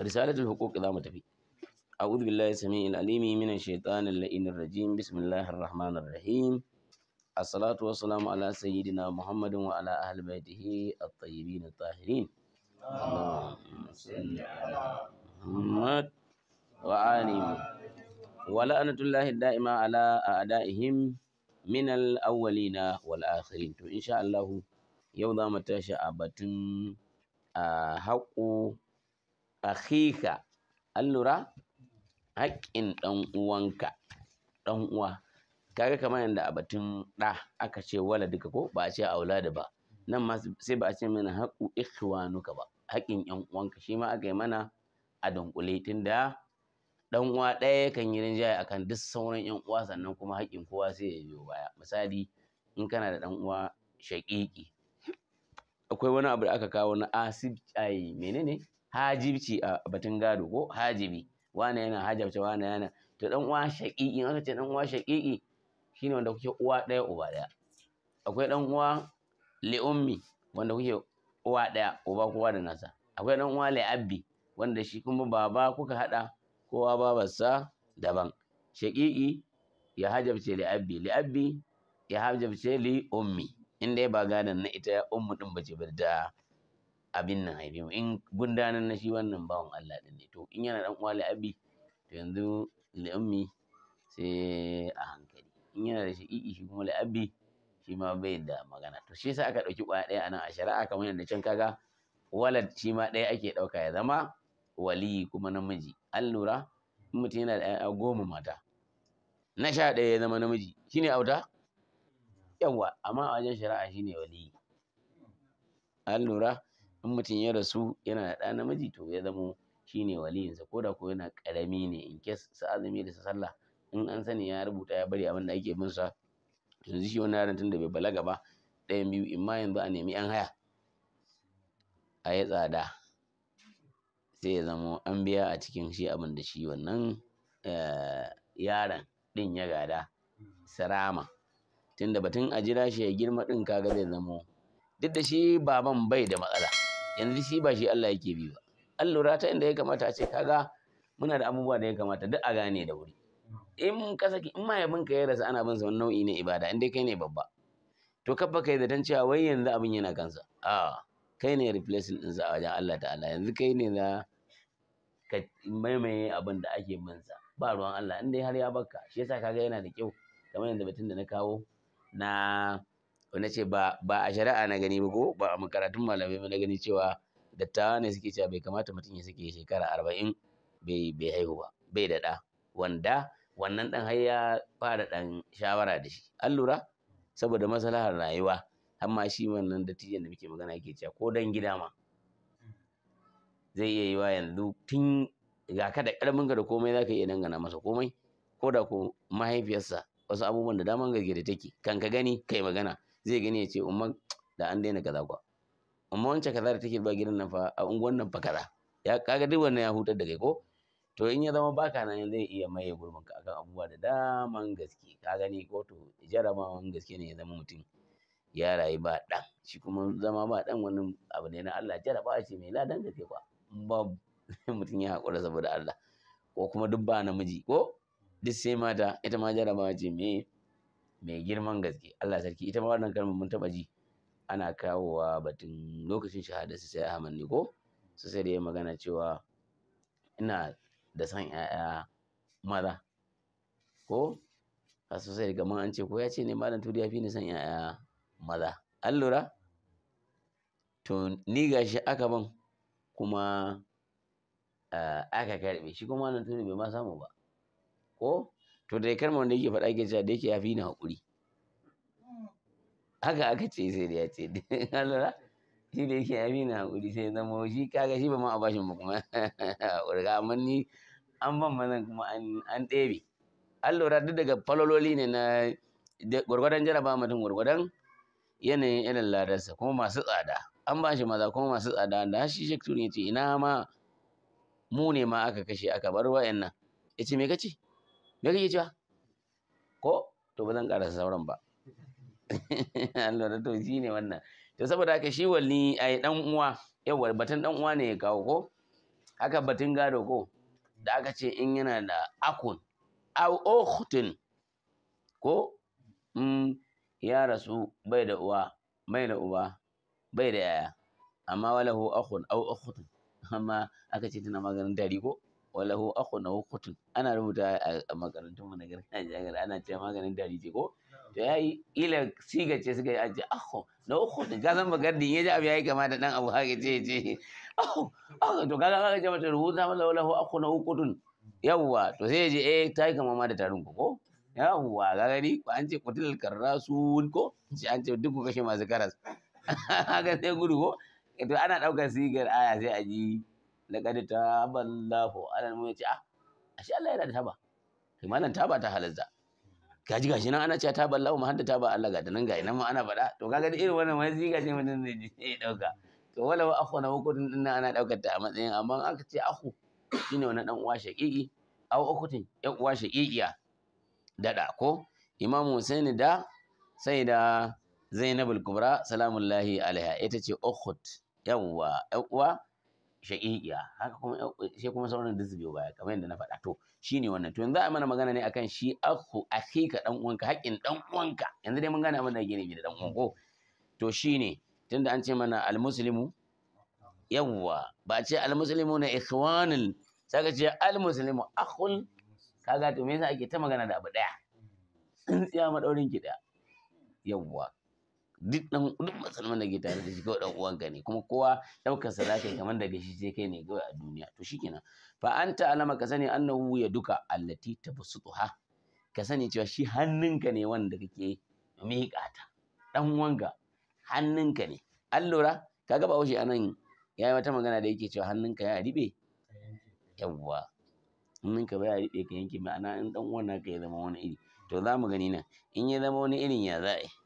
risalatul huquq za mu tafi a'udhu billahi samiil alimi minash shaitanir la'inir rajim bismillahir rahmanir rahim as-salatu salamu ala sayyidina muhammadin wa ala ahli baitihi at-tayyibin at-tahirin اللهم صل على محمد وآله ولعنة الله الدائمة على أعدائهم من الأولين والآخرين تو إن شاء الله يوضا متاشا أبتن حقو akhika an lura haƙƙin ɗan uwanka ɗan uwa kaga kamar yadda a batun ɗa aka ce wala duka ko ba a ce aulada ba nan ma sai ba a ce mana haƙu ikhwanuka ba haƙƙin ƴan uwanka shi ma aka yi mana a dunkule tunda ɗan uwa ɗaya kan yi rinjaye akan duk sauran ƴan uwa sannan kuma haƙƙin kowa sai ya biyo baya misali in kana da ɗan uwa shaƙiƙi akwai wani abu da aka kawo na asib ai menene hajibci a batun gado ko hajibi wane yana hajabci wane yana to dan uwa shaqiqi in aka ce dan uwa shaqiqi shine wanda kuke uwa daya uba daya akwai dan uwa li ummi wanda kuke uwa daya uba kowa da nasa akwai dan uwa li abbi wanda shi kuma baba kuka hada kowa babarsa daban shaqiqi ya hajabce li abbi li abbi ya hajabce li ummi inda ba gadan na ita ummu din bace ba da abin nan haife mu in gundanan na shi wannan bawan Allah din ne to in yana dan uwa abi to yanzu ummi sai a hankali in yana da shaƙiƙi shi kuma abi shi ma bai da magana to shi yasa aka ɗauki kwaya ɗaya a nan a shari'a kamar yadda can kaga walad shi ma ɗaya ake ɗauka ya zama wali kuma namiji an lura in mutum yana da 'ya'ya goma mata na sha ɗaya ya zama namiji shine auta yawa amma a wajen shari'a shine wali an lura in mutum ya rasu yana da ɗa namiji to ya zamo shine waliyinsa ko da ko yana ƙarami ne in kes sa azumi da sa sallah in an sani ya rubuta ya bari abin da ake bin sa yanzu shi wani yaron tunda bai balaga ba ɗayan biyu in ma yanzu a nemi yan haya a yi tsada sai ya zamo an biya a cikin shi abin da shi wannan eh, yaron ɗin ya gada sarama tunda batun a jira shi ya girma ɗin kaga zai zamo duk da shi baban bai da matsala yanzu shi ba shi Allah yake bi ba an lura ta inda ya kamata a ce kaga muna da abubuwa da ya kamata duk a gane da wuri in ka saki in yabin ka ya rasa ana bin sa wani nau'i ne ibada in dai kai ne babba to kabba kai da tan cewa wai yanzu abin yana kansa a kai ne replacing din sa a wajen Allah ta'ala yanzu kai ne za ka maimaye abin da ake bin sa ba ruwan Allah in dai har ya baka shi yasa kaga yana da kyau kamar yanzu batun da na kawo na na ce ba a shari'a na gani ba ko ba a makaratun malamai ba na gani cewa dattawa ne suke cewa bai kamata mutum ya sake shekara arba'in bai haihu ba bai daɗa. ɗa wanda wannan ɗan har ya fara ɗan shawara da shi an lura saboda maslahar rayuwa amma shi wannan dattijan da muke magana yake cewa ko dan gida ma zai iya wa yanzu tun ga ka da ƙarfin ka da komai zaka iya dangana masa komai ko da ko mahaifiyarsa wasu abubuwan da daman gaske da take kan ka gani kai magana zai gani ya ce Umar da an daina kaza kwa amma wancan kaza da take ba gidan nan fa a unguwan nan fa kaza ya kaga duk wannan ya hutar da kai ko to in ya zama baka nan zai iya maye gurbin ka akan abubuwa da daman gaske ka gani ko to jarabawan gaske ne ya zama mutum ya rayu ba ɗan shi kuma zama ba ɗan wani abu ne na Allah jarabawa ce mai ladan gaske kwa ba mutum ya haƙura saboda Allah ko kuma duk ba namiji ko duk sai mata ita ma jarabawa ce mai mai girman gaske Allah sarki ita ma wannan kalmar mun taba ji ana kawowa batun lokacin shahada su sai Ahmad ne ko su sai da ya magana cewa ina da san yaya maza ko a sosai daga man an ce ko ya ce ne malam turi ya fi ni san ƴaƴa maza an lura to ni gashi aka ban kuma eh, aka karbe shi kuma malam bai ma samu ba ko to da kalmar da yake faɗa yake cewa da yake ya fi ni haƙuri haka aka ce sai da ya ce Allah shi da yake ya fi ni haƙuri sai zama shi kaga shi ba ma a bashin ba kuma haƙuri amma ni an ban mazan kuma an ɗebe an lura duk daga falololi ne na gwargwadon jaraba mutum gwargwadon yanayin irin ladarsa kuma masu tsada an ba shi maza kuma masu tsada da shi shekturi ya ce ina ma mu ne ma aka kashe aka bar nan ya ce me kace me kake cewa ko to ba zan karasa sauran ba Allah da to shi ne wannan to saboda haka shi walli ai dan uwa yawa batun dan uwa ne ya kawo ko haka batun gado ko da aka ce in yana da akun au ukhtin ko mm, ya rasu bai da uwa mai da uba bai da yaya amma walahu akhun au ukhtun amma aka ce tana maganin dari ko walahu akhu na hukutun ana rubuta a makarantun mu na gargajiya ana ce maganin darije ko to yayi ila siga ce suka yi aje akhu na hukutun ga san magardin ji abu yayi kama da dan abu haka ce ce akhu akhu to kaga kaga jama'a rubuta mala walahu akhu na hukutun yawwa to sai ji eh tayi kama ma da tarin ko yawwa ga gani ko an ce kutul karrasun ko sai an ce duk kashe masu karas ga sai gudu ko to ana daukar sigar aya sai a ji laqad taballahu alal mu'minin ce ah ashe Allah yana da taba kai malam taba ta halazza gaji gashi nan ana cewa taballahu ma hadda taba Allah ga da nan ga ina ma ana faɗa to kaga da irin wannan wani ziga ce mutum zai je dauka to wala wa akhuna hukudin din ana daukar ta a matsayin amma aka ce akhu shine wani dan uwa shaqiqi aw ukutin yan uwa shaqiqiya dada ko Imam husain da sai da Zainabul Kubra salamullahi alaiha ita ce ukhut yawwa yan uwa shaƙiƙiya haka kuma eh, sai kuma sauran da baya kamar yadda na faɗa to shine wannan to yanzu a mana magana ne akan shi akhu akhika dan uwanka haƙƙin dan uwanka yanzu dai mun gane abin da yake nufi da dan uwan ko to shine tunda an ce mana almuslimu yawwa ba ce almuslimu na ikhwanul saka ce almuslimu akhul kaga to me yasa ake ta magana da abu daya tsintsiya madaurin ki daya yawwa duk dan duk ke tare da shi kawai dan uwanka ne kuma kowa daukar sa zaka kamar daga shi sai kai ne kawai a duniya to shikenan fa anta alama ka sani annahu ya duka allati tabsutuha ka sani cewa shi hannunka ne wanda kake miƙa ta dan uwanka hannunka ne an lura kaga ba wuce anan yayi wata magana da yake cewa hannunka ya ribe yawwa hannunka ka ya ribe ka yanke ma'ana in dan uwan naka ya zama wani iri to za mu gani nan in ya zama wani irin ya za'a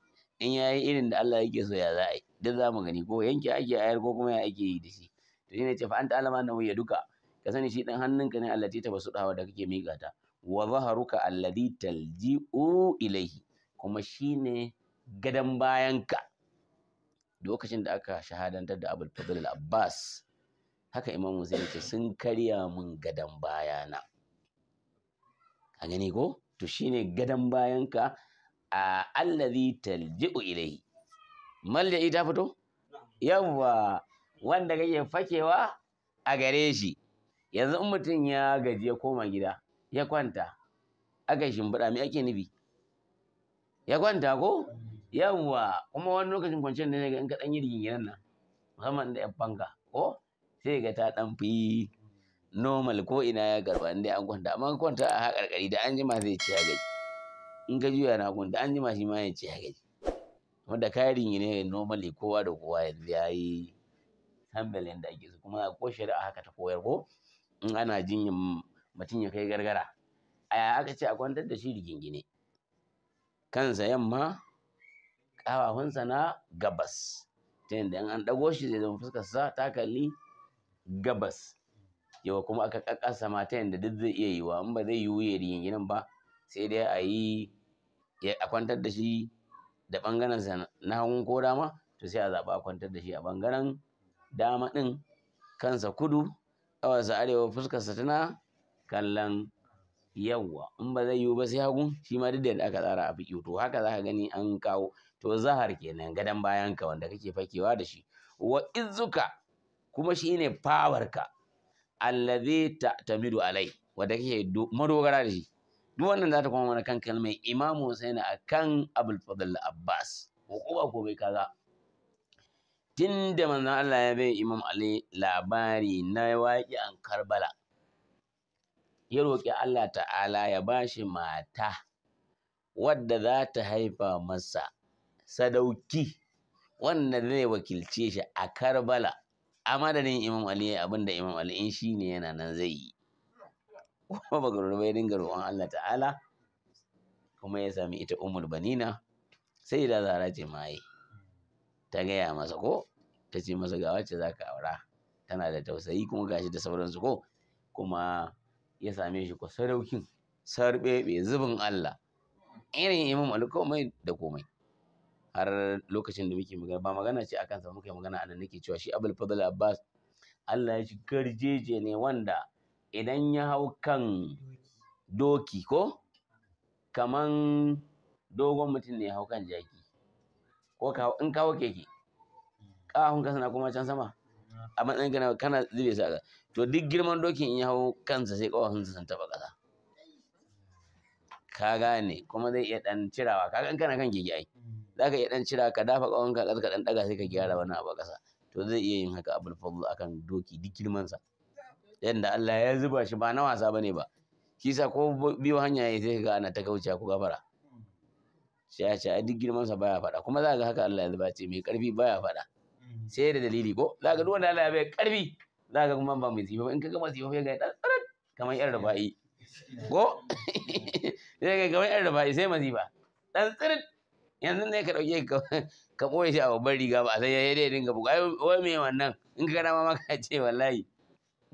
in ya yi irin da Allah yake so ya za a yi duk za mu gani ko yanke ake ayar ko kuma ya ake yi da shi to shine ce fa anta alama na ya duka ka sani shi dan hannunka ne ce ta basu dawa da kake miƙa ta wa zaharuka alladhi talji'u ilayhi kuma shine gadan bayanka lokacin da aka shahadantar da Abul Fadl al-Abbas haka Imam Musa yake sun karya mun gadan bayana a gani ko to shine gadan bayanka allazi talji'u ilayhi malja'i ta fito yawwa wanda kake fakewa a gare shi yanzu in mutum ya gaji ya koma gida ya kwanta aka shimfiɗa me ake nufi ya kwanta ko yawwa kuma wani lokacin kwanciyar ne ga in ka yi riginginan nan musamman da yan fanka ko sai ga ta ɗan fi normal ko ina ya garba, inda an kwanta amma kwanta a haƙarƙari da an jima zai ci ya gaji in ka juya na gunta an jima shi ma ya ce ya gaji wanda kayarin ne normally kowa da kowa yanzu ya yi tambalin da ake su kuma ko shari'a haka ta koyar ko in ana jinyin mutum ya kai gargara a aka ce a kwantar da shi rigingine kansa yamma ƙafafunsa na gabas ta yadda an ɗago shi zai zama sa ta kalli gabas yau kuma aka ƙaƙƙasa ma ta yadda duk zai iya yiwa in ba zai yiwu ya rigingine ba sai dai a yi a kwantar da shi da ɓangaren sa na hagun ko dama to sai a zaɓa a kwantar da shi a ɓangaren dama ɗin kansa kudu ƙawarsa arewa fuskarsa tana kallon yawwa in ba zai yiwu ba sai hagun? shi ma duk da aka tsara a fiƙi to haka za ka gani an kawo to zahar kenan gadon ka wanda kake fakewa da shi wa izzuka kuma shi ne fawarka allazi tamidu alai wanda kake madogara da shi duk wannan za ta kuma mana kan kalmar Imam Hussein akan Abul Fadl Abbas hukuma ko bai kaza da manzon Allah ya bai Imam Ali labari na waƙi an Karbala ya roƙi Allah ta'ala ya bashi mata wadda za ta haifa masa sadauki wanda zai wakilce shi a Karbala a madadin Imam Ali abinda Imam Ali in shine yana nan zai yi kuma ya dinga roƙon Allah ta'ala kuma ya sami ita umul banina sai da zara ce maye ta gaya masa ko ta ce masa ga wacce za ka aura tana da tausayi kuma gashi da sauransu ko kuma ya same shi ko sadaukin sarɓeɓe zubin Allah irin imam alkomai da komai har lokacin da muke magana ba magana ce akan sa muke magana a nan nake cewa shi abul fadl abbas Allah ya ci garjeje ne wanda idan ya hau kan doki ko kaman dogon mutum ne ya hau kan jaki ko in kawo keke ƙahun ka sana kuma can sama a matsayin kana kana zube a to duk girman dokin in ya hau kansa sai sunsa sun taɓa ƙasa ka gane kuma zai iya ɗan cirawa ka in kana kan keke ai za ka iya ɗan cira ka dafa ƙawon ka ka ɗan ɗaga sai ka gyara wani abu ƙasa to zai iya yin haka abul fadl akan doki duk sa. yadda Allah ya zuba shi ba na wasa bane ba kisa ko biyu hanya ya sai ga ana ta kauce ku gafara sai ya ce a duk girman sa baya faɗa kuma za ga haka Allah ya zuba ce mai karfi baya faɗa mm. sai da dalili ko za duk wanda Allah ya bai karfi za kuma ba mai zifa in ka ga masifa sai ga dan tsarat kamar yar rubai ko sai ga kamar yar rubai sai masifa dan tsarat yanzu ne ka dauke ka boye shi a babban riga ba sai ya dai dinga buga wai me wannan in ka gana ma ka ce wallahi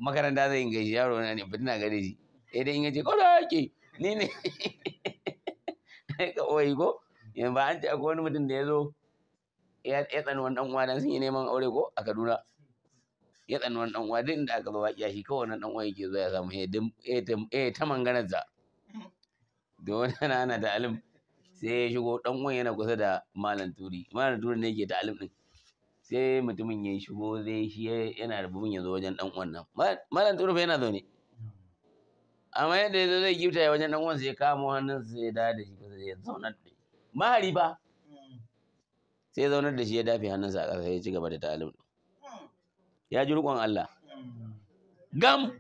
makaranta zai in gaishe yaro na ne tana gare shi sai dai in yace ko da yake ni ne ka oyi ko yan ba an ce akwai wani mutum da ya zo ya tsani wani dan uwa dan sun yi neman aure ko a Kaduna ya tsani wani dan uwa duk inda aka zo waƙiya shi kawai wannan dan uwa yake zo ya samu ya eh, ta eh, manganar sa da wani ana da alim sai ya shigo dan uwan yana kusa da malam turi malam turi ne yake da alim din sai mutumin ya shigo zai shi yana da bumin ya zo wajen dan uwan nan malam turufa yana zaune amma yadda ya zai gifta ya wajen dan uwan sai kamo hannun sai ya da shi sai ya zauna da mahari ba sai ya zaunar da shi ya dafe sa a ƙasa ya ci gaba da ta'alim ya ji rukon Allah gam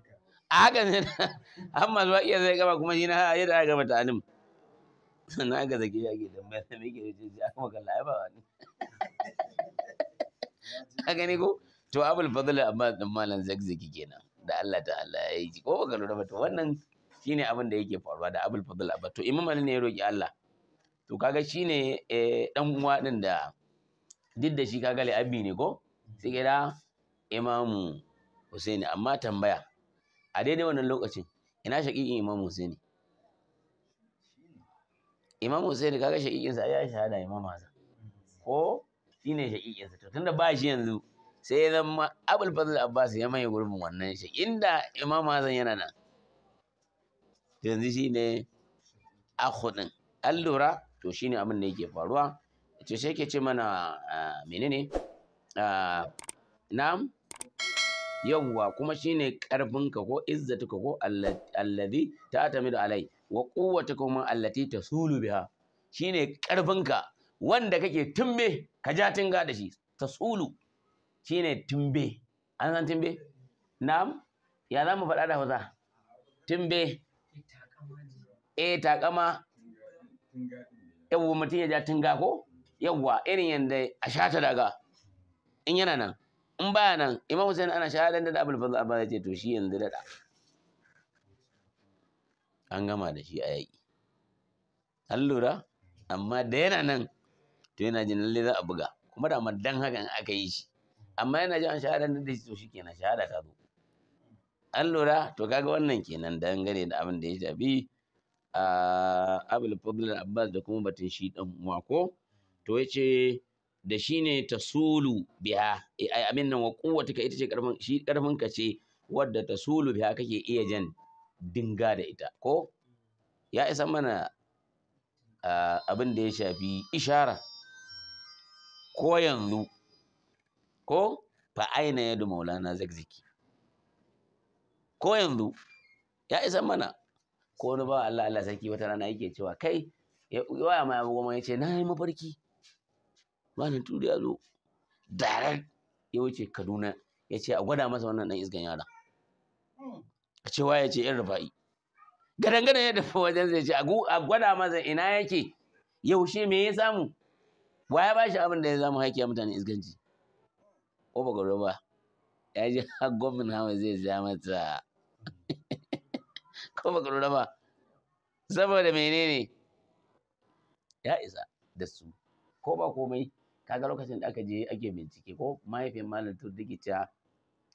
a hakan sai amma zuwa iya zai gaba kuma shi na yadda aka gama ta'alim sannan aka zaki ya ke tambaya sai sami ke da shi aka ya ba wani ka gani ko to abul fadl amma din malam zakzaki kenan da Allah ta'ala ya yi ko baka lura ba to wannan shine abin da yake faruwa da abul fadl Abba. to imam ali ne ya roki Allah to kaga shine dan eh, uwa din da duk da shi kaga abi ne ko sai da imamu Husaini amma tambaya a daidai wannan lokacin ina shaƙiƙin imamu Husaini imamu Husaini kaga shaƙiƙin sa ya shahada imamu Hassan ko shine sa to tunda ba shi yanzu sai ya zama abul fazl abbas ya mai gurbin wannan shi inda imam hazan yana nan yanzu shine akhudin allura to shine abin da yake faruwa to sai ke ce mana menene na'am yawwa kuma shine karfinka ko izzatuka ko allazi ta tamidu alai wa quwwatuka kuma allati tasulu biha shine karfinka wanda kake tumbe ka ja tinga da shi tasulu shine tumbe an san tumbe na'am ya za mu faɗa da hausa tumbe eh takama yawwa mutum ya ja tinga ko yawwa irin yadda a shata daga in yana nan in baya nan imam hussein ana shahadan da abul fadl abba ce to shi yanzu da an gama da shi a yaƙi an lura amma da yana nan to yana jin lalle za a buga kuma da amma dan haka aka yi shi amma yana jin shahada nan da shi to shikenan shahada ta zo an lura to kaga wannan kenan dangane da abin da ya shafi a abul fadl abbas da kuma batun shi dan mako to yace da shi ne tasulu biha eh, amin nan wa ka ita ce karfin shi karfin ka ce wadda tasulu biha kake iya jan dinga da ita ko ya isa mana abin da ya shafi ishara ko yanzu ko fa aina yadu maulana zakzaki ko yanzu ya isa mana ko wani ba Allah Allah sarki wata rana yake cewa kai waya ma ya bugo ma yace na yi mafarki malam tudu ya zo daren ya wuce Kaduna ya ce a gwada masa wannan dan isgan yara a cewa ya ce yan rufa'i gadan gadan ya dafa wajen zai ce a gwada masa ina yake yaushe me ya samu wa ya bashi abin da ya zama haƙƙi mutane isganci ko ba gwaro ba ya ji har gwamnan hawa zai ja mata ko ba gwaro ba saboda menene ya isa da su ko ba komai kaga lokacin da aka je ake bincike ko mahaifin malam tur da ta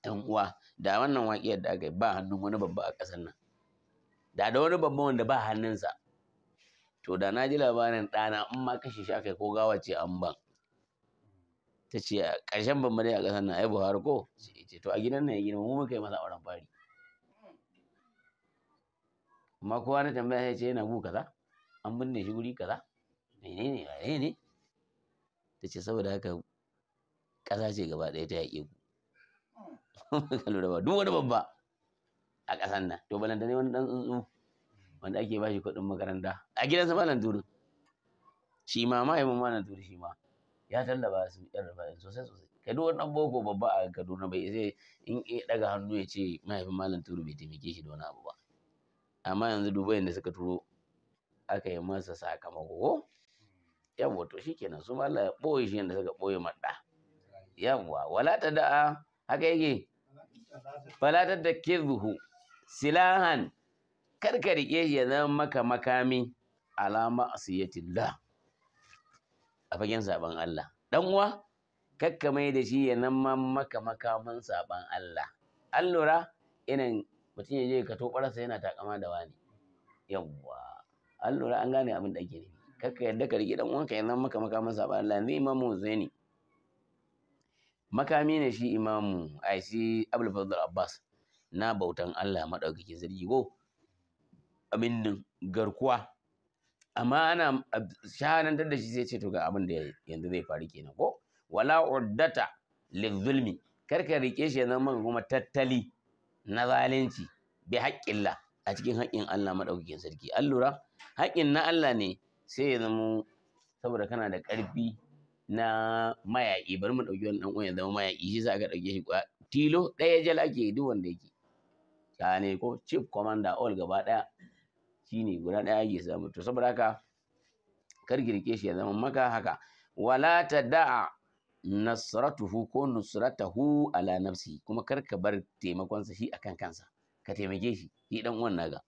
yan uwa da wannan waƙiyar da aka yi ba hannun wani babba a ƙasar nan da da wani babban wanda ba hannunsa to da na ji labarin ɗana in ma kashe shi aka yi ko gawa ce an ban ta ce a ƙarshen ban dai a ƙasar nan ai buhari ko sai ce to a gidan nan ya gina mu muka yi masa auren fari amma kowa na tambaya sai ce yana bu kaza an binne shi guri kaza menene ne ne ta ce saboda haka ƙasa ce gaba ɗaya ta yaƙe ku ka lura ba duk wani babba a ƙasar nan to balanta ne wani ɗan tsuntsu wanda ake bashi kuɗin makaranta a gidansa malam duru shi ma mahaimin malam duru shi ma ya tallaba su yan rafa'in sosai sosai kai duk wani boko babba a Kaduna bai sai in ya daga hannu ya ce mahaifin malam turu bai taimake shi da wani abu ba amma yanzu duba yadda suka turo aka yi masa sakamako yawwa to shikenan su ma Allah ya boye shi yadda suka boye madda yawwa wala ta da'a haka yake fala ta da kirhu silahan kar ka riƙe shi ya zama maka makami alama asiyatillah a fagen saban Allah dan uwa kakka mai da shi ya zama maka makamin saban Allah an lura irin mutum ya je ka to barasa yana takama da wani yawwa an lura an gane abin da ake Kar kakka yadda ka riƙe dan ka ya zama maka makamin saban Allah Ni imamu zaini makami ne shi imamu ai shi fadl Abbas na bautan Allah madaukakin zargi ko abin garkuwa amma ana shahanantar da shi sai ce to ga abin da yanzu zai faru kenan ko wala uddata lizulmi kar ka rike shi yanzu man kuma tattali na zalunci bi haƙƙillah a cikin haƙƙin Allah madaukakin sarki Allura lura haƙƙin na Allah ne sai ya zama saboda kana da ƙarfi na mayaƙi bari mu ɗauki wani ɗan uwan ya zama mayaƙi shi za ka ɗauke shi tilo ɗaya jal ake duk wanda yake ka ne ko chief commander all gaba ɗaya shine guda ɗaya ake samu to saboda haka kar girke shi ya zama maka haka wala ta da'a nasratuhu ko nusratahu ala nafsi kuma kar ka bar taimakonsa shi akan kansa ka taimake shi shi dan uwan naga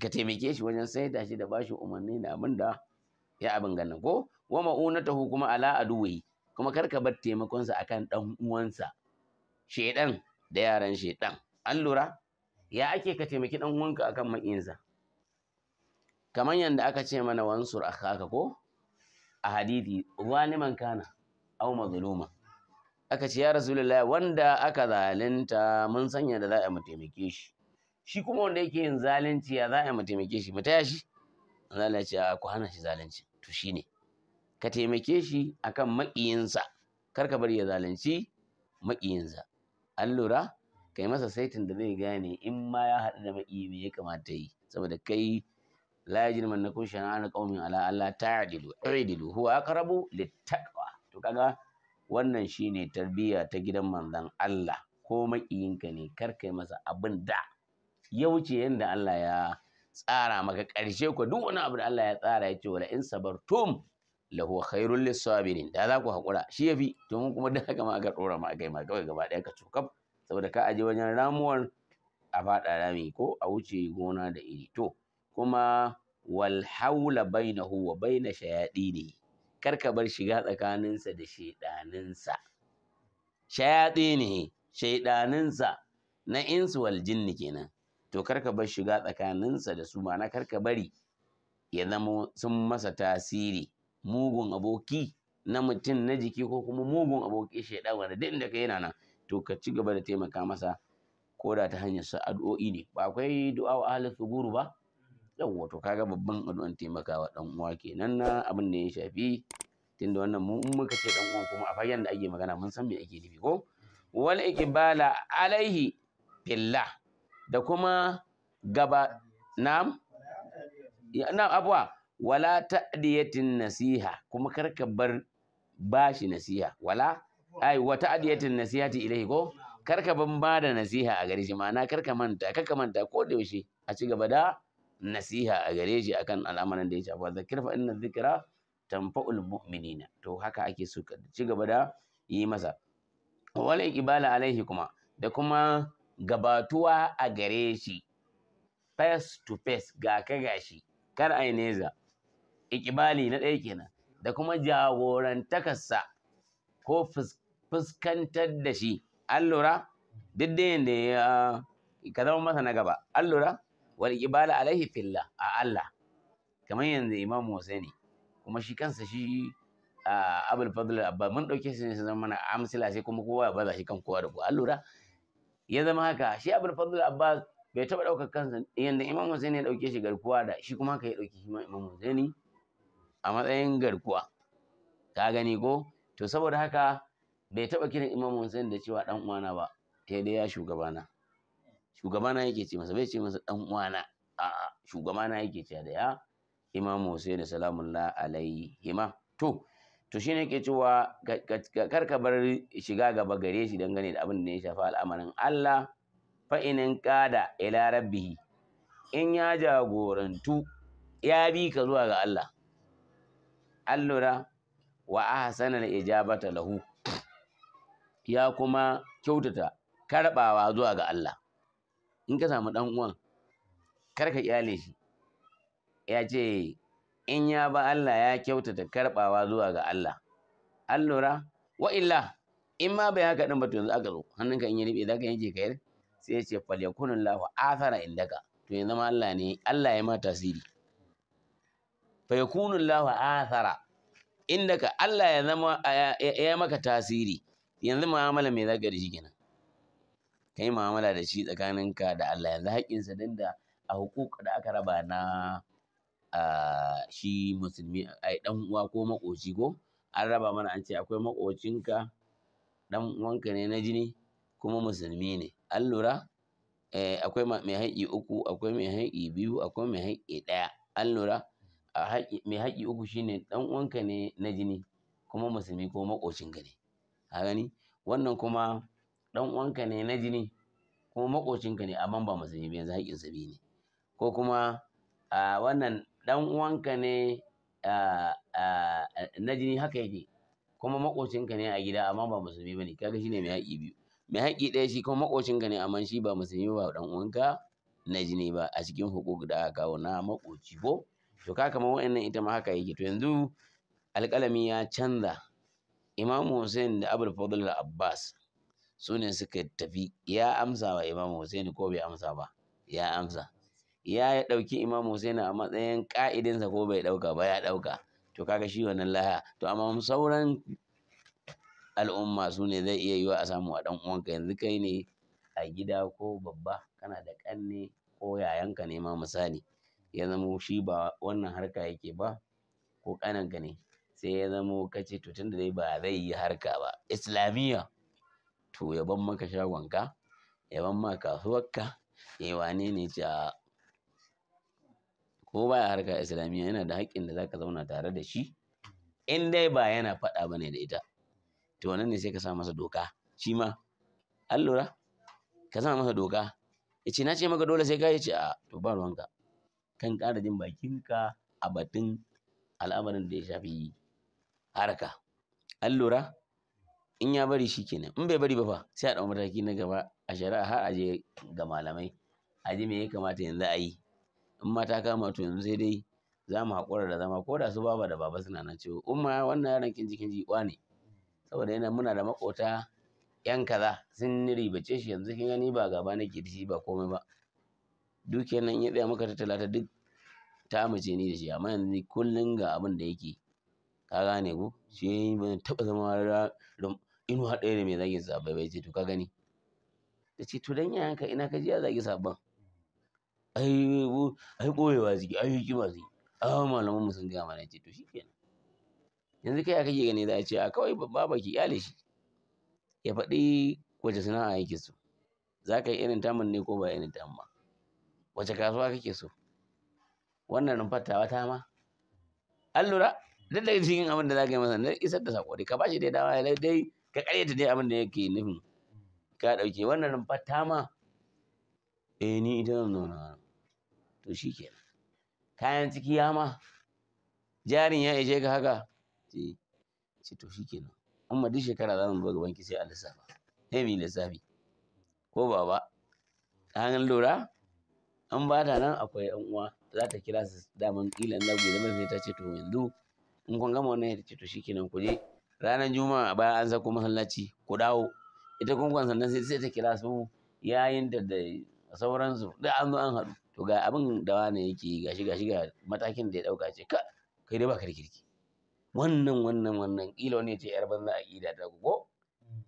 ka taimake shi wajen saida shi da bashi umarni da abin da ya abin ganna ko wa ma'unatahu kuma ala aduwi kuma kar ka bar taimakonsa akan dan uwansa shedan da yaran shedan an lura ya ake ka taimaki dan uwanka akan ma'inza kamar yadda aka ce mana wansur akhaka ko a hadisi zaliman kana aw mazluma aka ce ya rasu rasulullah wanda aka zalunta mun sanya da za a mu taimake shi shi kuma wanda yake yin zalunci ya za a mu taimake shi mu taya shi Allah ya ce ku hana shi zalunci to shine ka taimake shi akan maƙiyinsa kar ka bari ya zalunci maƙiyinsa an lura kai masa saitin da zai gane in ma ya haɗu da maƙiyi me ya kamata yi saboda kai la yajrimannakum shana'ana qaumin ala alla ta'dilu i'dilu huwa aqrabu littaqwa to kaga wannan shine tarbiyya ta gidan manzon Allah ko makiyinka ne kar kai masa abin da ya wuce yanda Allah ya tsara maka ƙarshe ku. duk wani abu da Allah ya tsara ya ce wala in sabartum lahu khairul lisabirin da za ku hakura shi yafi to mun kuma da haka ma ga dora ma kai ma kawai gaba ɗaya ka cokaf saboda ka aje wajen ramuwar a faɗa rami ko a wuce gona da iri to kuma wal haula bainahu wa baina shayadini karka Karka bar shiga tsakaninsa da shaidaninsa shayadini shaidaninsa na insu wal jinni kenan to karka bar shiga tsakaninsa da su ma'ana kar ka bari ya zama sun masa tasiri mugun aboki na mutum na jiki ko kuma mugun aboki shaidan wanda duk inda ka yana nan to ka ci gaba da taimaka masa ko da ta hanyar sa'ad'o'i ne ba akwai du'a wa ahli thuburu ba yawwa to kaga babban addu'an taimakawa dan uwa kenan na abin da ya shafi tunda wannan mu in muka ce dan uwan kuma a fagen da ake magana mun san me ake nufi ko wal ikbala alaihi billah da kuma gaba nam nam abwa wala ta'diyatin nasiha kuma karka bar bashi nasiha wala ai wa ta'diyatin nasihati ilaihi ko karka ban ba da nasiha a gare shi ma'ana karka manta karka manta ko da yaushe a ci gaba da nasiha a gare shi akan Al'amuran da ya shafa zakir fa inna zikra tanfa'ul mu'minina to haka ake so ka ci gaba da yi masa wal iqbala alaihi kuma da kuma gabatuwa a gare shi face to face ga ka gashi kar ai neza Ikibali na ɗaya kenan da kuma jagorantakarsa ko fuskantar da shi an lura duk da ya ka zama masa na gaba allura! wal ibala alaihi fillah a Allah kamar yanzu Imam ne kuma shi kansa shi Abul Fadl Abba mun dauke shi ne zama mana amsila sai kuma kowa ya baza shi kan kowa da kowa allura ya zama haka shi Abul Fadl Abba bai taba daukar kansa yanda Imam Musa ya dauke shi garkuwa da shi kuma kai ya dauki shi ma Imam ne a matsayin garkuwa ka gani ko to saboda haka bai taba kiran Imam Husaini da cewa dan uwana ba sai dai ya shugabana shugabana yake ce masa bai ce masa dan uwana a shugabana yake ce da ya imamu sai da alaihi ma to to shine yake cewa kar ka bar shiga gaba gare shi dan gane da abin da ya shafi al'amarin Allah fa inin qada ila rabbihi in ya jagorantu ya bi ka zuwa ga Allah allura wa ahsana al-ijabata lahu ya kuma kyautata karbawa zuwa ga Allah in ka samu ɗan uwan kar ka kyale shi ya ce in ya ba Allah ya kyautata karɓawa zuwa ga Allah Allura, wa illa in ma bai haka din ba to yanzu aka zo hannunka in ya riɓe za ka yanke ka sai ya ce fal yakunu lahu athara indaka to yanzu ma Allah ne Allah ya ma tasiri fa yakunu lahu athara indaka Allah ya zama ya maka tasiri yanzu mu'amala me za ka yi kenan ka yi mu'amala da shi tsakaninka da Allah yanzu haƙƙinsa din da a hukuk da aka raba na shi musulmi ai dan uwa ko makoci ko an raba mana an ce akwai makocinka dan uwanka ne na jini kuma musulmi ne an lura eh, akwai mai haƙƙi uku akwai mai haƙƙi biyu akwai mai haƙƙi ɗaya an lura mai haƙƙi uku shine dan uwanka ne na jini kuma musulmi ko makocinka ne a gani wannan kuma dan uwanka ne na jini kuma makocinka ne amma ba musulmi ba yanzu haƙƙin sa ne ko kuma a wannan dan uwanka ne na jini haka yake kuma makocinka ne a gida amma ba musulmi ne kaga shine mai haƙƙi biyu mai haƙƙi ɗaya shi kuma makocinka ne amma shi ba musulmi ba dan uwanka na jini ba a cikin hukuk da aka kawo na makoci ko to ka kamar wa'annan ita ma haka yake to yanzu alƙalami ya canza Imam Hussein da Abul Fadl Abbas su ne suka tafi ya amsa wa imam Hussein ko bai amsa ba ya amsa ya ya ɗauki imam Hussein a matsayin ƙa'idinsa ko bai ɗauka ba ya ɗauka to kaga shi wannan laha to amma sauran al'umma su ne zai iya yiwa a samu a ɗan uwanka yanzu kai ne a gida ko babba kana da ƙanne ko yayanka ne ma misali ya zamo shi ba wannan harka yake ba ko ƙananka ne sai ya zamo kace to tunda dai ba zai yi harka ba islamiyya to ya ban maka shagonka ya ban maka kasuwarka ya eh, wane ne ce a ko baya harka islamiyya yana da haƙƙin da za ka zauna tare da shi in dai ba yana faɗa bane da ita to wannan ne sai ka sa masa doka shi ma an ka sa masa doka ya ce na ce maka dole sai ka yi ce a to ba ruwanka kan ƙara jin bakinka a batun al'amarin da ya shafi haraka an in ya bari shi kenan in bai bari ba fa sai a ɗau mataki na gaba a shari'a har a je ga malamai a ji me ya kamata yanzu a yi in ma ta kama to yanzu sai dai za mu haƙura da zama ko da su baba da baba suna nan cewa umma wannan yaron kin jikin jiwa ne saboda yana muna da makota yan kaza sun ribace shi yanzu kin gani ba gaba nake da shi ba komai ba duke nan ya tsaya maka ta duk ta mace ni da shi amma yanzu kullun ga abin da yake ka gane ko shi ban taɓa zama inuwa ɗaya da mai zagin abai bai ce to ka gani ta ce to dan yayanka ina ka ji ya zagi sabon ai ai koyewa ziki ai hikima ziki ah malaman mu sun gama mana ce to shikenan yanzu kai kake gani za a ce a kawai babba baki, iyale shi ya faɗi wace sana'a yake so za ka yi irin tamun ne ko ba irin tamun ba wace kasuwa kake so wannan rumfar tawa ta ma an lura duk daga cikin abin da za ka yi masa na isar da saƙo ka ba shi dai dama dai ka ƙaryata dai abin da yake nufi ka ɗauke wannan rumfar ma eh ni ita zan zauna to shi kenan kayan ciki ya ma jarin ya ishe ka haka ce to shi kenan amma duk shekara za mu zo gaban ki sai a lissafa sai mu lissafi ko baba ta hanyar lura an ba ta nan akwai yan uwa za ta kira su daman kila na gobe zama sai ta ce to yanzu in kun gama wannan ya ce to shikenan ku je ranar juma'a bayan an sako masallaci ku dawo ita kunkwan sannan sai ta kira su yayin da da sauransu da an zo an haɗu to ga abin da wani yake gashi gashi ga matakin da ya ɗauka ce ka kai dai baka da kirki wannan wannan wannan kila wani ce yar banza aqida ta ko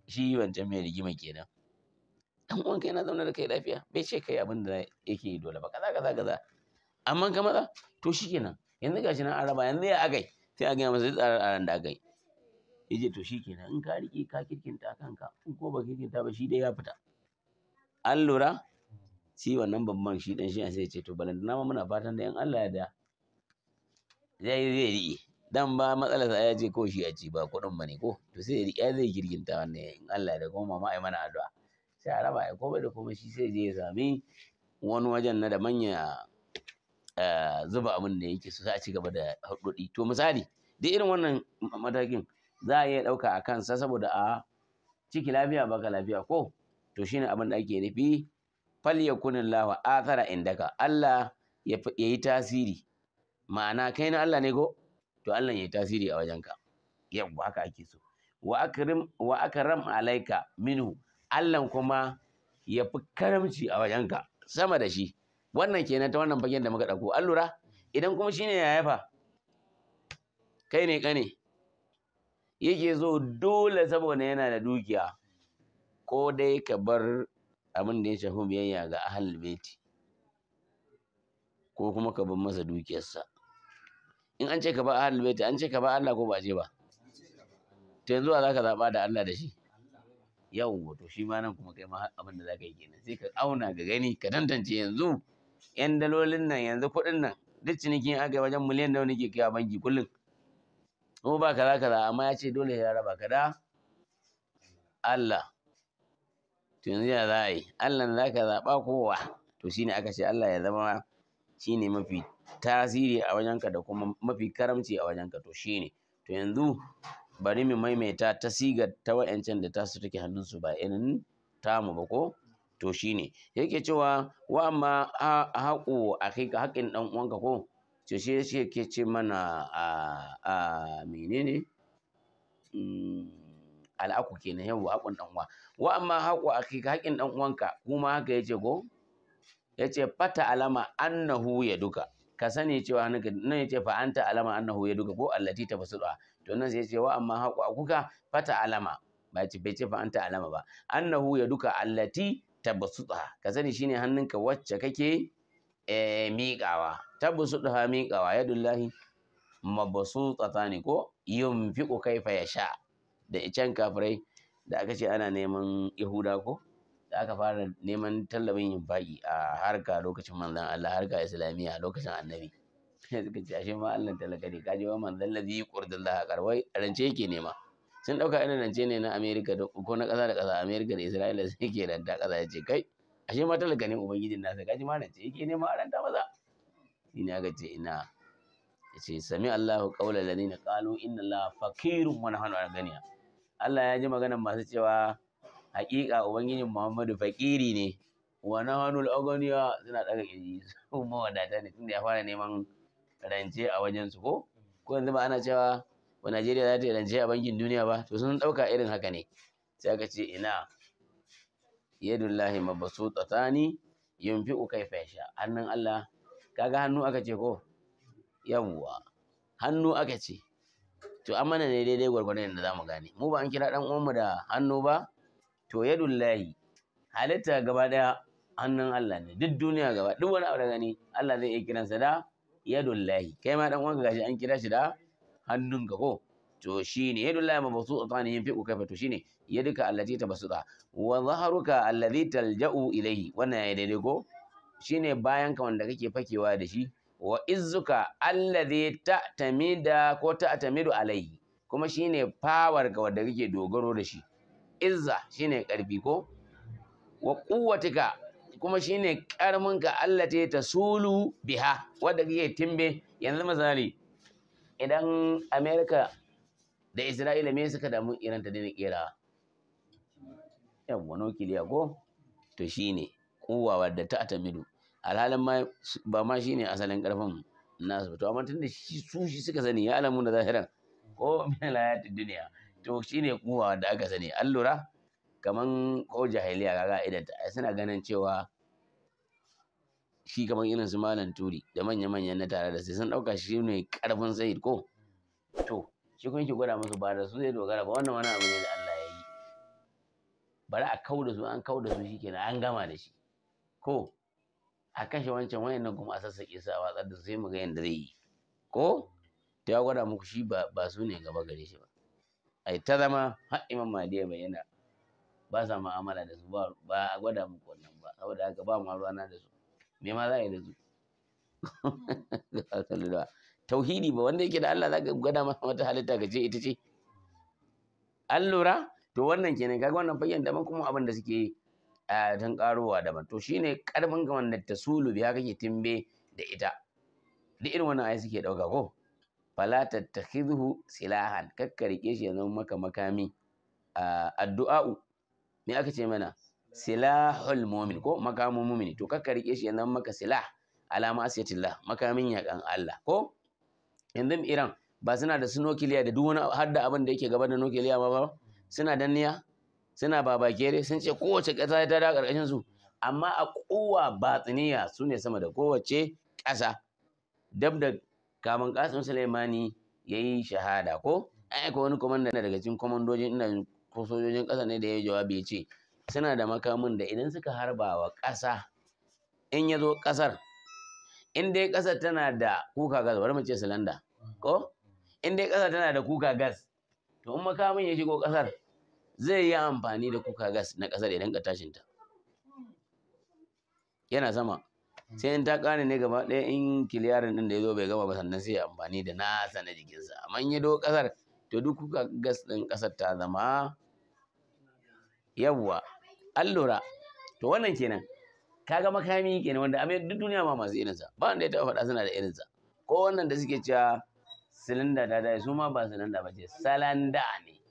shi wancan mai rigima kenan dan uwan kai na zaune da kai lafiya bai ce kai abin da yake yi dole ba kaza kaza kaza amma kamar matsa to shikenan yanzu gashi nan araba yanzu ya agai sai a gaya masa tsarar aran da agai ya ce to shi kenan in ka riƙe ka kirkinta kanka in ko ba kirkinta ba shi dai ya fita an lura shi wannan babban shi dan shi sai ya ce to balantana ma muna fatan da in Allah ya da zai zai riƙe dan ba matsalar sa ya ce ko shi ya ci ba kuɗin ba ne ko to sai ya riƙe zai kirkinta wannan in Allah ya da kuma mama ai mana addu'a sai a raba ya komai da komai shi sai je ya sami wani wajen na da manya eh, zuba abin da yake so sai a ci gaba da hudodi to misali duk irin wannan matakin za a iya ɗauka a kansa saboda a ciki lafiya baka lafiya ko to shine abin da ake nufi fal yakunillahu athara indaka Allah ya yi tasiri ma'ana kai na Allah ne ko to Allah ya yi tasiri a wajenka yawwa haka ake so wa akrim wa alaika minhu Allah kuma ya fi karamci a wajenka sama da shi wannan kenan ta wannan fagen da muka ɗauko an idan kuma shine ya yafa kai ne kane yake so dole saboda yana da dukiya ko dai ka bar abin da ya shafi biyayya ga ahal beti ko kuma ka bar masa dukiyarsa in an ce ka ba ahal beti an ce ka ba Allah ko ba ce ba to yanzu za ka zaɓa da Allah da shi yawwa to shi ma nan kuma kai ma abin da za ka yi kenan sai ka auna ga gani ka tantance yanzu yan dalolin nan yanzu kuɗin nan duk cinikin aka yi wajen miliyan wani ke kai a banki kullum mu ba kaza kaza amma ya ce dole ya raba kada Allah to yanzu ya za a yi Allah za ka zaɓa kowa to shine aka ce Allah ya zama shine mafi tasiri a wajenka da kuma mafi karamci a wajenka to shine to yanzu bari mu maimaita ta sigar ta wa'ancan da tasu take hannun su ba irin tamu ba ko to shine yake cewa wa amma haƙo a kai ka haƙin ɗan uwanka ko to shi yake ce mana a a menene mm, al'aku kenan yawa akun dan uwa wa amma haqu akika haƙin dan uwanka kuma haka yace go yace fata alama annahu ya duka. ka sani cewa nan yace fa anta alama annahu ya duka, ko allati tafasuda to nan sai yace wa amma haqu akuka fata alama ba yace bai ce fa anta alama ba annahu ya duka, allati tabasuta ka sani shine hannunka wacce kake Eh, miƙawa tabbasu da miƙawa ya dullahi mabsuṭata ne ko yin yunfiqu kaifa sha. da icen kafirai da aka ce ana neman yahuda ko da aka fara neman tallabin yunfaqi a harka lokacin manzan Allah harka islamiyya lokacin annabi ya suka ce ashe ma Allah talaka ne kaje wa manzon ladhi qurdullah qarwai rance yake nema sun dauka irin rance ne na America ko na ƙasa da ƙasa America da Isra'ila suke ke ranta ƙasa ya ce kai ashe ma talaka ne ubangijin nasa gaji malam ce yake ne ma ta maza shi ne aka ce ina ya ce sami Allahu qaula alladhina qalu inna Allaha fakirun wa nahnu ganiya. Allah ya ji maganar masu cewa hakika ubangijin Muhammadu fakiri ne wa nahnu al-aghniya suna daga kirji su wadata ne tunda ya fara neman rance a wajen su ko ko yanzu ba ana cewa ba Najeriya za ta yi rance a bankin duniya ba to sun dauka irin haka ne sai aka ce ina yadullahi mabsutatani yunfi'u kaifa yasha hannun Allah kaga hannu aka ce ko yawwa hannu aka ce to amana ne daidai gwargwadon yadda mu gane mu ba an kira dan uwanmu da hannu ba to yadullahi halitta gaba daya hannun Allah ne duk duniya gaba duk wani abu da gani Allah zai iya kiransa da yadullahi kai ma dan uwanka gashi an kira shi da hannunka ko to shine yadullahi mabsuta yin yanfiqu kafa to shine yaduka allati tabsuta wa zaharuka allazi talja'u ilayhi wannan ya daidai ko shine bayan ka wanda kake fakewa da shi wa izzuka allazi ta'tamida ko ta'tamidu alayhi kuma shine power ka wanda kake dogaro da shi izza shine karfi ko wa quwwatika kuma shine karminka allati tasulu biha wanda kake timbe yanzu misali idan america da Isra'ila me suka damu irin ta daina kera yawwa kiliya ko to shine kowawa da ta atamidu alhalin ma ba ma shine asalin karfin nasu to amma tunda shi su shi suka sani ya alamu na zahiran ko min hayatid duniya to shine kowawa da aka sani an lura kaman ko jahiliya kaga idan ta suna ganin cewa shi kaman irin su malam turi da manya-manyan na tare da sai sun dauka shi ne karfin sayid ko to shi kuma yake gwada musu ba da su zai dogara ba wannan wani abu ne da Allah ya yi bari a kau da su an kau da su kenan an gama da shi ko a kashe wancan wayannan kuma a sassaƙe su a watsar da su sai mu ga yanda zai yi ko to ya gwada muku shi ba su ne gaba gare shi ba ai ta zama har Imam Mahdi bai yana ba sa mu'amala da su ba a gwada muku wannan ba saboda haka ba ma ruwana da su me ma za a yi da su tauhidi ba wanda yake da Allah zaka gwada masa wata halitta ka ce ita ce an lura to wannan kenan kaga wannan fayyan daban kuma abin da suke a tan karowa daban to shine karfin ga wannan tasulu biya kake timbe da ita duk irin wannan ayi suke dauka ko fala tattakhidhu silahan kakka shi ya maka makami addu'a'u me aka ce mana silahul mu'min ko makamin mu'mini to kakka rike shi ya zama maka silah alama asiyatillah makamin yakan Allah ko yanzu Iran ba suna da su nukiliya da duk wani har da abin da yake gaba da nukiliya ba ba suna danniya suna babakere sun ce kowace ƙasa ta da ƙarƙashin su amma a kowa batsiniya su ne sama da kowace ƙasa dab da kamun Suleimani Sulaimani yi shahada ko an aika wani komanda daga cikin komandojin ina ko sojojin ƙasa ne da ya yi jawabi ya ce suna da makamin da idan suka harba wa ƙasa in ya zo ƙasar in dai ƙasar tana da kuka gas bari mu ce silanda ko in dai tana da kuka gas to in makamin ya shigo ƙasar zai yi amfani da kuka gas na ƙasar idan ka tashin ta yana sama sai in ta ƙare ne gaba ɗaya in kiliyarin ɗin da ya zo bai gama ba sannan sai ya amfani da nasa na jikinsa amma in ya do ƙasar to duk kuka gas ɗin ƙasar ta zama yawa. allura to wannan kenan kaga makami kenan wanda amma duk duniya ma masu irinsa ba wanda ya taɓa faɗa suna da irinsa ko wannan da suke cewa silinda ta dai su ma ba silinda ba ce salanda ne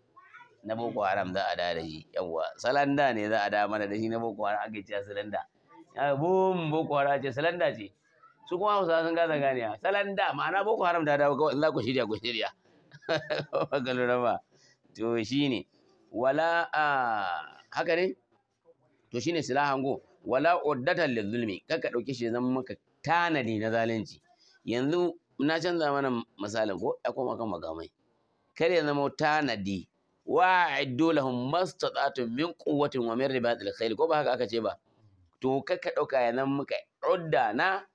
na boko haram za a da da shi yawwa salanda ne za a da mana da shi na boko haram ake cewa ya bum boko haram ce salanda ce su kuma hausa sun gaza gane salanda ma'ana boko haram ta dawo kawai za ku shirya ku shirya ba ka lura ba to shine wala a ah, haka ne to shine silahan go wala uddatan zulmi kaka dauke shi zama maka tanadi na zalunci yanzu na canza mana misalin ko ai kuma kan makamai kar ya zama tanadi wa a'iddu lahum mastata'tum min quwwatin wa min ribatil khayl ko ba haka aka ce ba to kaka dauka ya muka maka udda na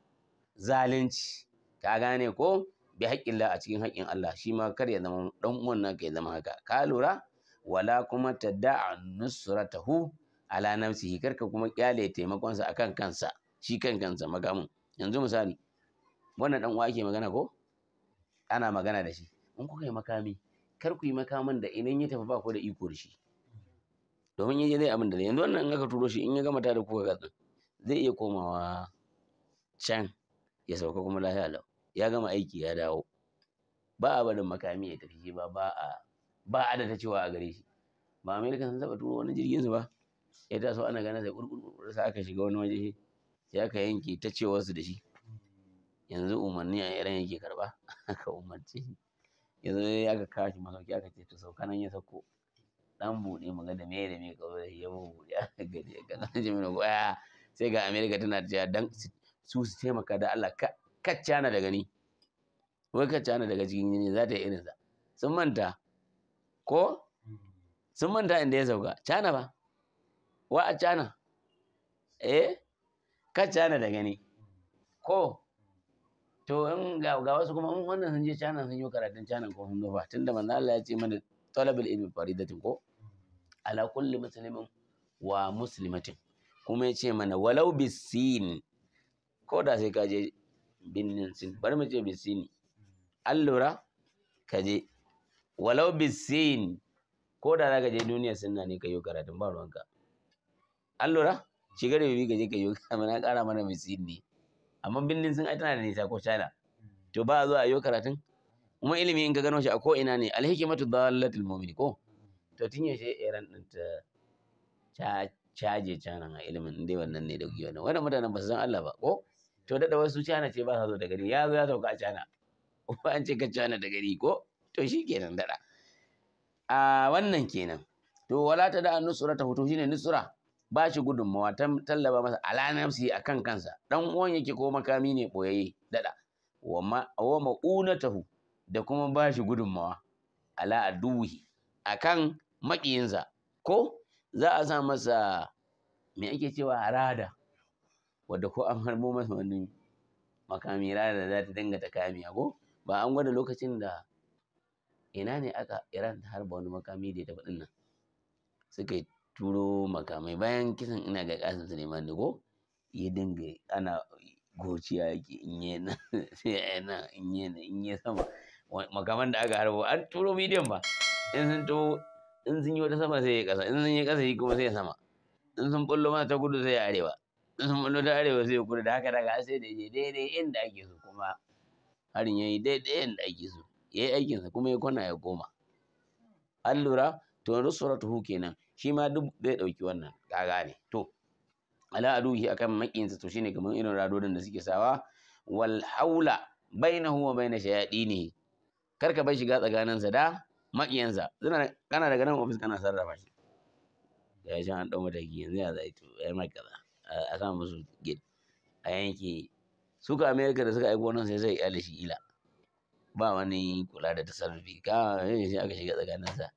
zalunci ka gane ko bi haƙƙin a cikin haƙƙin Allah shi ma kar ya zama dan uwan naka ya zama haka ka lura wala kuma tada'a nusratahu ala nafsihi karka kuma kyale sa akan kansa shi kan kansa magamun yanzu misali wannan dan uwa ake magana ko ana magana da shi in kuka yi makami kar ku yi makamin da idan ya tafi ba ku da iko da shi domin yaje zai abin da yanzu wannan in aka turo shi in ya gama ta da kuka gatsin zai iya komawa can ya sauka kuma lafiya lau ya gama aiki ya dawo ba a barin makami ya tafi shi ba ba a ba a da ta cewa a gare shi ba amerika sun taba turo wani jirgin su ba ya taso ana gane sai kurkurkur sai aka shiga wani waje sai aka yanke ta ce wasu da shi yanzu umarni a iran yake karba aka umarci shi yanzu sai aka kawo shi masauki aka ce to sauka nan ya sauko dan buɗe mu ga da me da me kawo da ya mu buɗe aka da ga nan ji mun ko ya, sai ga america tana cewa dan su su taimaka da Allah ka kaccana da gani wai kaccana daga cikin gini za ta yi sa? sun manta ko sun manta inda ya sauka cana ba wa a cana eh ka cana da gani ko to in ga wasu kuma in wannan sun je cana sun yi karatun cana ko sun nufa tunda manzo Allah ya ce mana talabul ilmi faridatin ko ala kulli muslimin wa muslimatin kuma ya ce mana walau bisin ko da sai ka je binnin sin bari mu ce bisini Allura, ka je walau bisin ko da za ka je duniya sunna ne ka yi karatun ba ruwanka Allura, lura shigar bibi ka je ka yoga mana kara mana mai ne amma birnin sun aita da nisa ko china mm. to ba a zuwa yau karatun kuma ilimi in ka gano shi a ko ina ne alhikimatu dalatul mu'min ko to tun yaushe iran din ta caje canan a ilimin dai wannan ne da giyo ne wannan mutanen ba su san Allah ba ko to dada wasu cana ce ba sa zo da gari ya zo ya sauka a cana ko an ce ka cana da gari ko to shi kenan dada a wannan kenan to wala ta da nusura ta hoto shine nusura ba shi gudunmawa ta tallaba masa ala nafsi a kan kansa Ɗan uwan yake ko makami ne boyayye dada wa ma'unatahu da kuma ba shi gudunmawa ala aduhi a kan maƙiyinsa ko za a sa masa me ake cewa harada wadda ko an harbo masa wani makami rada da za ta dinga ta kamiya ko ba an gwada lokacin da ina ne aka iran ta harba wani makami da ya taɓa nan suka yi turo makamai bayan kisan ina ga kasim suleiman ne ko ya dinga ana gociya yake in yi nan sai ya yana in yi nan in yi sama makaman da aka harbo an turo bidiyon ba in sun to in sun yi wata sama sai ya kasa in sun yi kasa shi kuma sai ya sama in sun bullo mana ta gudu sai ya arewa in sun bullo ta arewa sai ya kudu da haka daga sai da je daidai inda ake so kuma harin ya yi daidai inda ake so ya yi aikinsa kuma ya kwana ya koma an lura to nusratuhu kenan shi ma duk zai ɗauki wannan kaga ne to ala aduhi akan makinsa to shine kamar irin radodin da suke sawa wal haula bainahu wa baina shayadini kar ka bar shiga tsakaninsa da makiyansa suna kana daga nan ofis kana sarrafa shi da ya an ɗau mataki yanzu ya zai to ai mai kaza a sa musu gate a yanke suka america da suka aika wannan sai zai iyalin shi ila ba wani kula da tasarrufi ka eh, shi aka shiga tsakaninsa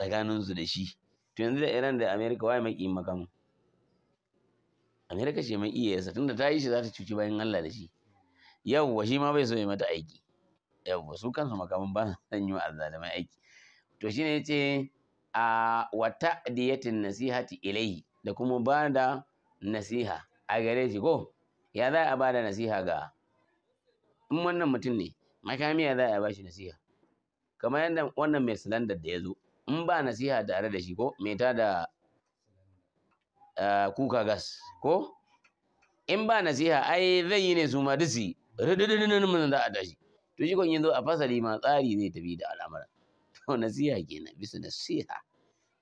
tsakaninsu da shi to yanzu da Iran da Amerika waye maki makamu? Amerika ce mai iya yasa tunda ta yi shi za ta cuci bayan Allah da shi yawwa shi ma bai so ya mata aiki yawwa su kansu makamun ba san yi wa mai aiki to shine ce a wata diyatin nasihati ilai da kuma ba da nasiha a gare shi ko ya za a ba da nasiha ga in wannan mutum ne makami ya za a ba shi nasiha kamar yadda wannan mai silandar da ya zo in ba nasiha tare da shi ko ta da eh, kuka gas ko in ba nasiha ai zai yi ne su ma disi rididinin da a tashi to shi kun yanzu a fasali ma tsari zai tafi da al'amuran to nasiha kenan bisa nasiha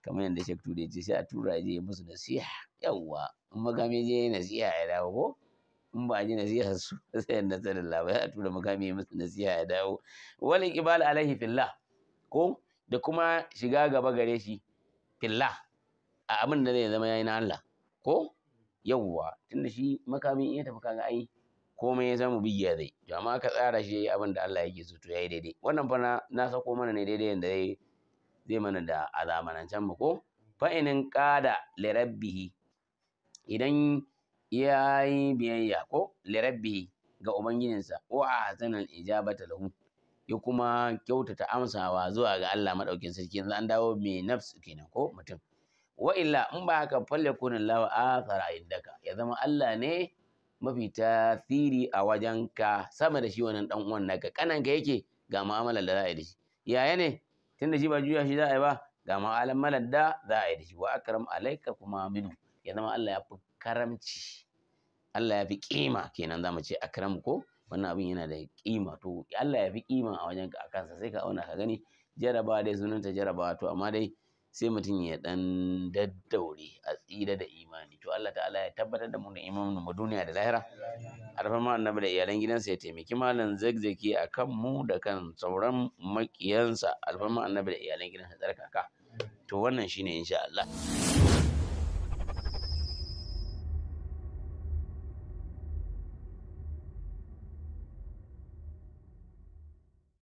kamar yadda shek ture ce sai a tura je musu nasiha yawwa in makami je nasiha ya dawo ko in ba ji nasiha su sai yadda tsarin labai a tura makami musu nasiha ya dawo wal alaihi fillah ko da kuma shiga gaba gare shi filla a abin da zai zama yayi na Allah ko yawwa tunda shi makamin iya tafi kaga ai komai ya zama bigiya zai to amma aka tsara shi yayi abin da Allah yake so to yayi daidai wannan fa na sako mana ne daidai yanda zai zai mana da azamanancen mu ko fa inin qada li rabbihi idan yayi biyayya ko li rabbihi ga ubangijinsa wa a ijabata lahu ya kuma kyautata amsawa zuwa ga Allah madaukin sarki yanzu an dawo mai nafs kenan ko mutum wa illa in ba haka falle kunin lawa athara indaka ya zama Allah ne mafi tasiri a wajen ka sama da shi wannan dan uwan naka kananka yake ga mu'amalar da za a yi da shi yaya ne tunda shi ba juya shi za a yi ba ga mu'amalar da za a yi da shi wa akram alaika kuma minu ya zama Allah ya fi karamci Allah ya fi kima kenan za mu ce akram ko wannan abin yana da kima to Allah ya fi kima a wajen a kansa sai ka auna ka gani jarabawa dai ta jarabawa to amma dai sai mutum ya dan daddaure a tsira da imani to Allah ta'ala ya tabbatar da mu da imanin mu duniya da lahira ma annabi da iyalan gidansa ya taimaki malam zagzaki a mu da kan sauran makiyansa alfarma annabi da iyalan gidansa tsarkaka to wannan shine insha Allah